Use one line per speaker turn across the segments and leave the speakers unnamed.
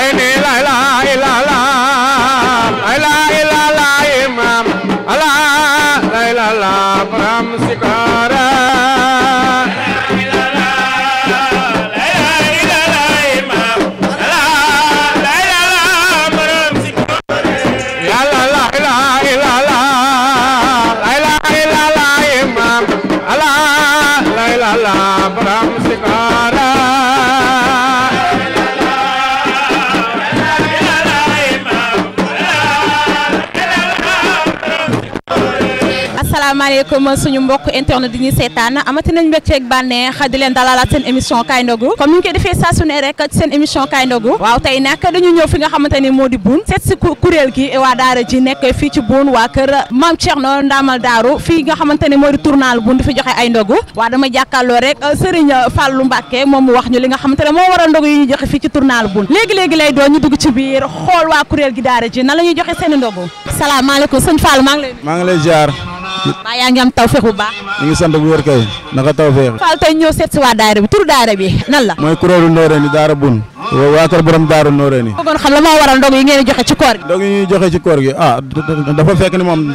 Amen.
su suñu mbokk internet di ñu seetaan amati nañ mbégteeg bànneex di leen dalalaat seen émission kaay ndogu comme ni ñu koy defee saa su ne rek ci seen émission kaay ndogu waaw tey nag dañu ñëw fi nga xamante moo di buun seet si kuréel gi waa daara ji nekk fii ci buun waa kër maam Thierno Ndamal Daaru fii nga xamante ni moo di tournal buun di fi joxe ay ndogu waa dama jàkkaarloo rek euh, Serigne Fallou Mbacke moom mu wax ñu li nga xamante ne moo waral ndogu yi ñu joxe fii ci tournal buun léegi-léegi lay doon ñu dugg ci biir xool waa kuréel gi daara ji nan la ñuy joxe seen ndogu salaamaaleykum sëñ Fallou maa ngi lay mbaa yaa ngi am tawfeex bu baax
ñu ngi sant bu wér kay naka tawfeex
Fall tey ñëw seet si waa daayira bi tur daayira bi nan la
mooy kuréelu Noreyni daara bun waa kër borom daaru Noreyni
bëggoon xam la moo waral ndog yi ngeen di joxe
ci koor gi ndog yi ñuy ah, dafa fekk ni moom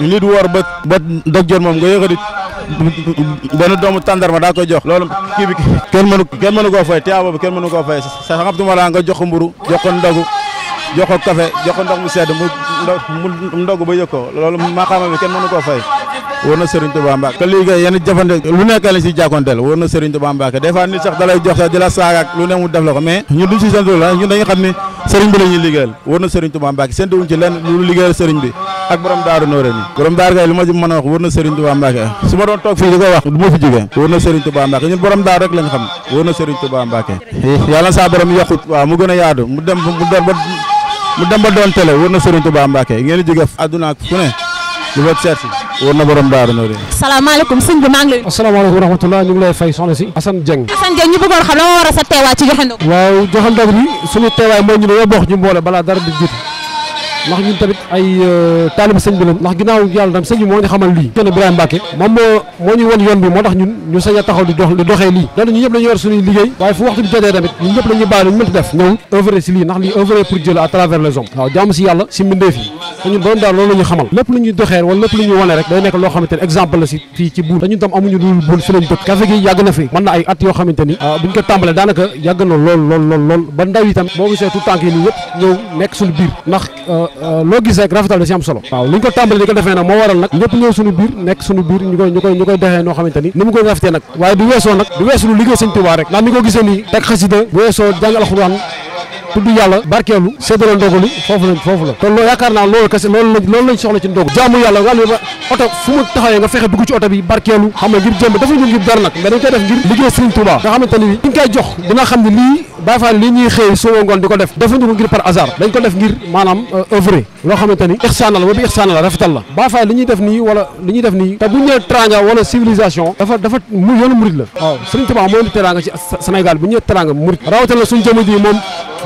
nit woor ba ba moom nga yëkkati benn doomu tàndarma daa koy jox loolu kii kenn mënu kenn mënu koo fay tiyaaba bi kenn mënu koo fay sa xam tuma nga jox mburu jox ko jox ko café jox mu sedd mu mu ba yëg loolu maqaama bi kenn mënu koo fay wóor na Serigne Touba yenn jëfande lu nekk lañ si jàkkoonteel wóor na Serigne Touba ah, ci lenn lu liggéeyal Serigne bi ak borom daaru nooré borom daaru kay lu ma ci a wax wóor na Serigne Touba Mbacke su ma doon toog fii di ko wax du ma fi jógee wóor na Serigne borom daaru rek lañ xam wóor na Serigne Touba saa borom yokkut waaw mu a mu dem ba doon télé wër na Serigne Touba Mbacké ngeen di jóge àdduna ak ku ne lu fa na borom baar noonu.
salaamaaleykum sëñ bi maa ngi lay.
asalaamaaleykum wa rahmatulah ñu ngi lay fay soxna si. Assane Dieng. Assane Dieng ñu bëggoon xam la a sa teewaay ci joxe ndogu. waaw joxe ndogu bi suñu teewaay mooy ñu dañoo bokk ñu mboole balaa dara di jiitu. ndax ñun tamit ay euh, taalib sëñ bi lañ ndax ginnaaw yàlla tam sëñ bi moo ñu xamal lii kenn Ibrahima Mbacke moom moo moo ñu won yoon bi moo tax ñun ñu sañ a taxaw di doxee lii doona lii yëpp ñëw nekk suñu biir ndax euh, Euh, loo gis rek da si am solo waaw li ko tàmbali di ko defee nag moo waral nag ñëpp ñëw suñu biir nekk suñu biir ñu koy ñu koy ñu noo xamante ni mu koy rafetee nag waaye du weesoo nag du weesoo liggéey sëñ Tuubaa rek ndax ni ko gisee nii teg xasida bu weesoo jàng alxuraan tudd yàlla barkeelu séddaloo ndogalu foofu foofu la te naa loolu loolu lañ soxla ci ndogu jaamu yàlla nga ba oto fu barkeelu xam ngir jëm dafa ñu ngir par hasard dañ ko ngir maanaam euh, œuvre loo xamante ni ixsaan boobu ixsaan rafetal la Baye Fall def nii te bu ñu nee teranga wala dafa dafa murit la waaw Serigne Touba moo indi Sénégal bu ñu nee teranga murit rawatina suñu jëmm ji moom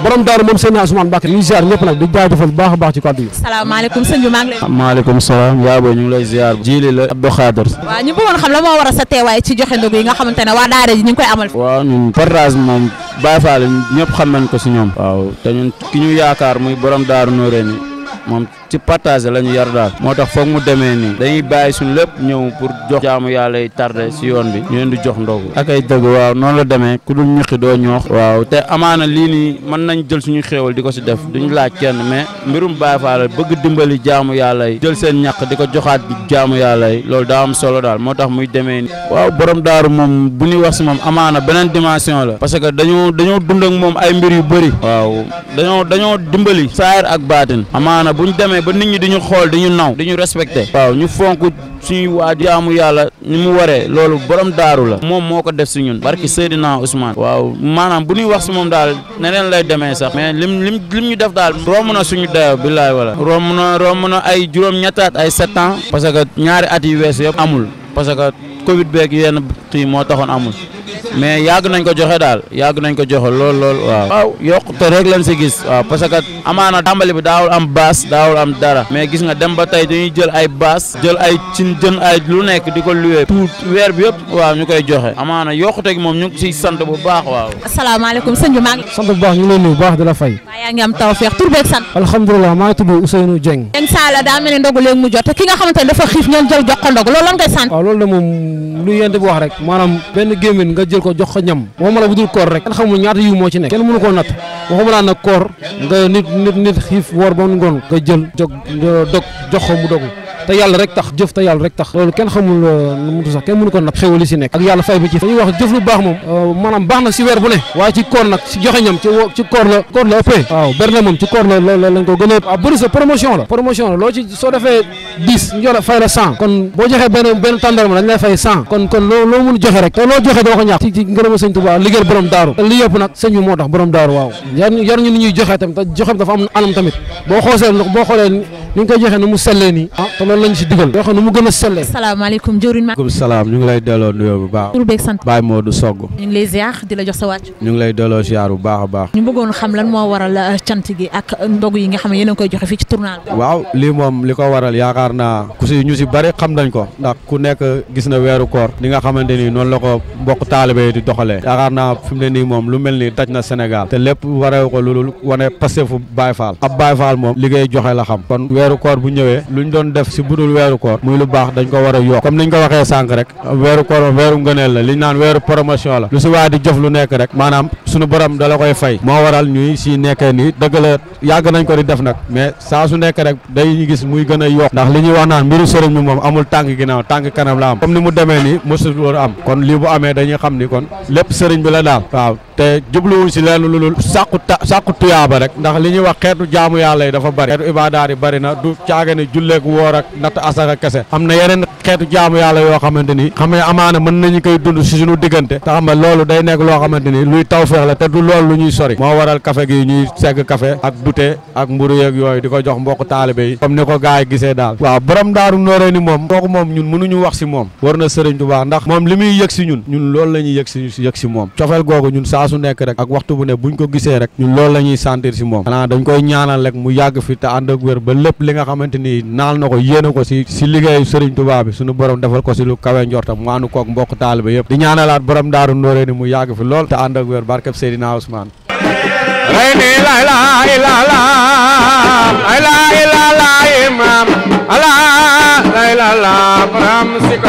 borom daaru moom seen Ousmane Mbacke ñu ziar ñëpp nag di jaajëfal bu baax a baax ci kàddu yi.
salaamaaleykum sëñ bi maa ngi lay.
maaleykum salaam yaa booy ñu lay ziar. jiili la Abdou Khader.
waaw ñu bëggoon xam la moo waral sa teewaay ci joxe ndogu yi nga xamante ne waa daara ji ñu ngi koy amal.
waaw ñun partage moom Baye Fall ñëpp xam nañ ko si ñoom. waaw te ñun ki ñu yaakaar muy borom daaru Noreyni moom ci partage la ñu yar daal moo tax foog mu demee nii dañuy bàyyi suñu lépp ñëw pour jox jaamu yàlla yi tardé si yoon bi ñu leen di jox ndogu ak ay dëgg waaw noonu la demee ku dul ñuqi doo ñoox waaw te amaana lii nii mën nañ jël suñu xéewal di ko si def duñ laaj kenn mais mbirum Baay Faal bëgg dimbali jaamu yàlla yi jël seen ñàq di ko joxaat jaamu yàlla yi loolu daa am solo daal moo tax muy demee nii waaw borom daaru moom bu ñuy wax si moom amaana beneen dimension la parce que dañoo dañoo dund moom ay mbir yu bëri waaw dañoo dañoo bu ñu demee ba nit ñi di ñu xool duñu naw duñu respecté waaw ñu fonk suñuy waa jaamu yàlla ni mu waree loolu borom daaru la moom moo ko def si ñun barki Seydina Ousmane waaw maanaam bu ñuy wax si moom daal neneen lay demee sax mais lim lim lim ñu def daal romb na suñu dayo billaay wala romb na romb na ay juróom ñettaat ay sept ans parce que ñaari at yi wees yëpp amul parce que covid beeg yenn kii moo taxoon amul mais yàgg nañ ko joxe daal yàgg nañ ko joxe lool lool waaw. waaw yokkute rek lañ si gis waaw parce que amaana tàmbali bi daawul am baas daawul am dara mais gis nga dem ba tey dañuy jël ay baas jël ay cin jën ay lu nekk di ko luwee tout weer bi yëpp waaw ñu koy joxe amaana yokkute gi moom ñu ngi siy sant bu baax waaw.
asalaamaaleykum sëñ bi maa ngi. sant bu baax ñu ngi lay nuyu bu baax di la fay. waaw yaa ngi am tawféex tur beeg sant. alhamdulilah maa ngi tudd Ousseynou Dieng. Dieng Sala daa mel ne ndogu léegi mu jot ki nga xamante ne dafa xiif ñoom jël
nga jël ko jox ko ñam waxuma la bu dul koor rek kenn xamul ñaata yiw moo ci nekk kenn mënu koo natt waxuma laa na koor nga nit nit nit xiif woor ba ngoon nga jël jog dog jox ko mu dogu te yàlla rek tax jëf te yàlla rek tax loolu kenn xamul euh, nu mu sax kenn mënu ko nag xéwal li si nekk ak yàlla fay bi ci dañuy wax lu baax moom euh, maanaam baax na si weer bu ne waaye ci koor nag si joxe ñam ci koor la koor waaw berne moom ci koor la la lañ ko gën a ah, waaw bëri sa la promotion fay la kon loo mun joxe rek te loo joxe doo ko ñàkk ci ci ngërëma sëñ Tuubaa liggéey borom daaru te nag sëñ moo tax borom daaru waaw yar ñu ni ñuy joxe tamit ah, te joxe loolu lañ si digal
yoo xam ne mu gën a sellee
asalaamaaleykum
salaam ñu ngi lay delloo nuyoo bu baax tur la jox sa wàcc ñu ngi lay delloo baax a baax
ñu bëggoon xam lan moo waral euh, cant gi ak euh, ndog yi nga xam ne yéen
li ko waral yaakaar naa ku si ñu si bari xam nañ ko ndax ku nekk gis na weeru koor li nga xamante ni noonu la ko mbokk taalibe di doxalee yaakaar naa fi mu ne nii moom lu mel ni daj na Sénégal te lépp waree ko loolu wane passé fu Baye Fall ab Baye Fall moom liggéey joxe la xam kon weeru koor bu ñëwee luñ doon def si bu budul weeru koor muy lu baax dañ ko war a yokk comme niñ ko waxee sànq rek weeru koor weeru ngëneel la liñ naan weeru promotion la lu si waa di jëf lu nekk rek maanaam suñu borom dala koy fay moo waral ñuy si nekkee nii dëgg la yàgg nañ ko di def nag mais saa su nekk rek day gis muy gën a yokk ndax li ñuy wax naan mbiru sëriñ bi moom amul tànk ginnaaw tànk kanam la am comme ni mu demee nii mosul woon am kon lii bu amee dañuy xam ni kon lépp sëriñ bi la daal waaw te jubluwuñ si lenn lu dul sàkku ta sàkku tuyaaba rek ndax li ñuy wax xeetu jaamu yàlla yi dafa bari xeetu ibaadaar yi bari na du caagane julleeg woor ak natt asaka kese am na yeneen xeetu jaamu yàlla yoo xamante ni xam ne amaana mën nañu koy dund si suñu diggante te xam loolu day nekk loo xamante ni taw tawfeex la te du loolu lu ñuy sori moo waral kafe gi ñuy segg kafe ak dute ak mburu yeeg yooyu di ko jox mbokk taalibe yi comme ni ko gars yi gisee daal waaw borom daaru nooree moom kooku moom ñun mënuñu wax si moom war na sëriñ Tuubaa ndax moom li muy yëg si ñun ñun loolu la ñuy yëg si yëg si moom cofeel googu ñun saa su nekk rek ak waxtu bu ne buñ ko gisee rek ñun loolu la ñuy sentir si moom xanaa dañ koy ñaanal rek mu yàgg fi te ànd ak wér ba li nga xamante ni naal na ko yéene ko si si liggéeyu sëriñ bi sunu borom defal ko si lu kawe njortam mu ànd koog taaliba yëpp di ñaanalaat borom daaru nóoree mu yàgg fi lool te ànd barkeb Seydina Ousmane
rey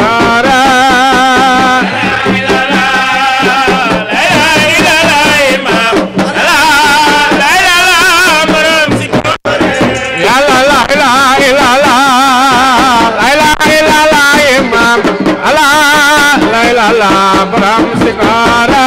लाला ब्रह्म सिकारा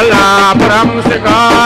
La palabra musical.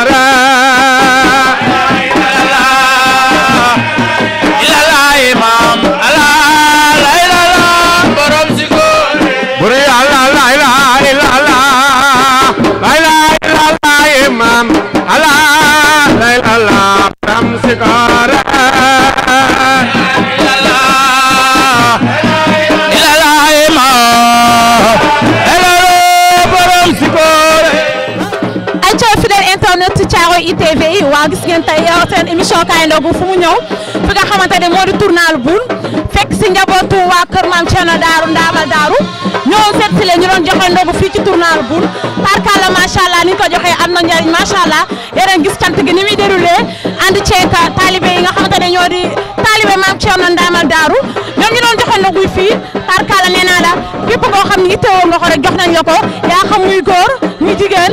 waaw gis ngeen tey euh, seen émission kaay ndogu fu mu ñëw fi nga xamante moo di tournal buun fekk si njabootu waa kër maam Thierno Daaru Ndaamal Daaru gi ni muy déroulé ànd ceeg taalibe yi nga xamante ne ñoom ñu doon joxe ndogu fii tarkala nee la képp koo xam ne ittewoo nga ko rek jox nañ la ko yaa xam muy góor muy jigéen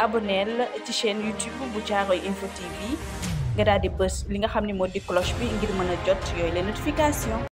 Abonnez-vous à ci chaîne YouTube bu info TV nga pouvez di bës li nga cloche bi ngir les notification